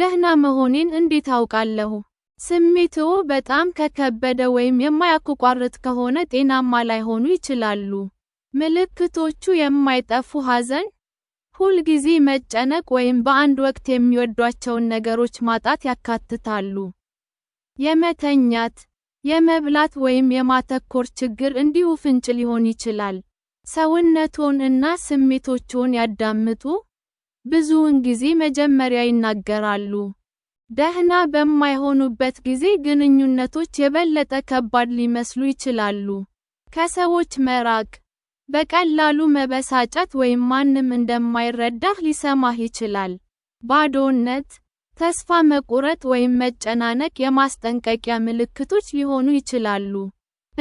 ደህና መሆኔን እንዴት አውቃለሁ? ስሜትዎ በጣም ከከበደ ወይም የማያቋርጥ ከሆነ ጤናማ ላይሆኑ ይችላሉ። ምልክቶቹ የማይጠፉ ሐዘን፣ ሁልጊዜ መጨነቅ ወይም በአንድ ወቅት የሚወዷቸውን ነገሮች ማጣት ያካትታሉ። የመተኛት፣ የመብላት ወይም የማተኮር ችግር እንዲሁ ፍንጭ ሊሆን ይችላል። ሰውነቱን እና ስሜቶችዎን ያዳምጡ። ብዙውን ጊዜ መጀመሪያ ይናገራሉ። ደህና በማይሆኑበት ጊዜ ግንኙነቶች የበለጠ ከባድ ሊመስሉ ይችላሉ። ከሰዎች መራቅ፣ በቀላሉ መበሳጨት ወይም ማንም እንደማይረዳህ ሊሰማህ ይችላል። ባዶነት፣ ተስፋ መቁረጥ ወይም መጨናነቅ የማስጠንቀቂያ ምልክቶች ሊሆኑ ይችላሉ።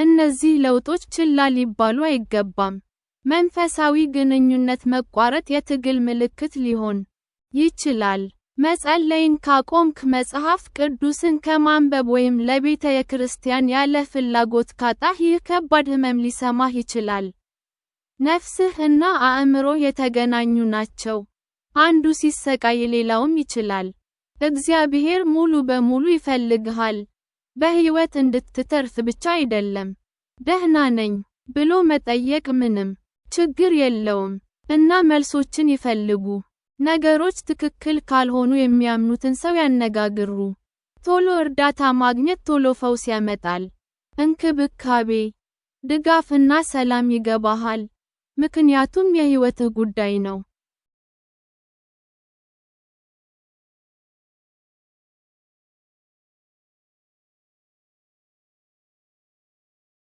እነዚህ ለውጦች ችላ ሊባሉ አይገባም። መንፈሳዊ ግንኙነት መቋረጥ የትግል ምልክት ሊሆን ይችላል። መጸለይን ካቆምክ መጽሐፍ ቅዱስን ከማንበብ ወይም ለቤተ የክርስቲያን ያለ ፍላጎት ካጣህ ይህ ከባድ ህመም ሊሰማህ ይችላል። ነፍስህ እና አእምሮ የተገናኙ ናቸው። አንዱ ሲሰቃይ ሌላውም ይችላል። እግዚአብሔር ሙሉ በሙሉ ይፈልግሃል። በሕይወት እንድትተርፍ ብቻ አይደለም። ደህና ነኝ ብሎ መጠየቅ ምንም ችግር የለውም እና መልሶችን ይፈልጉ። ነገሮች ትክክል ካልሆኑ የሚያምኑትን ሰው ያነጋግሩ። ቶሎ እርዳታ ማግኘት ቶሎ ፈውስ ያመጣል። እንክብካቤ፣ ድጋፍና ሰላም ይገባሃል፣ ምክንያቱም የህይወትህ ጉዳይ ነው።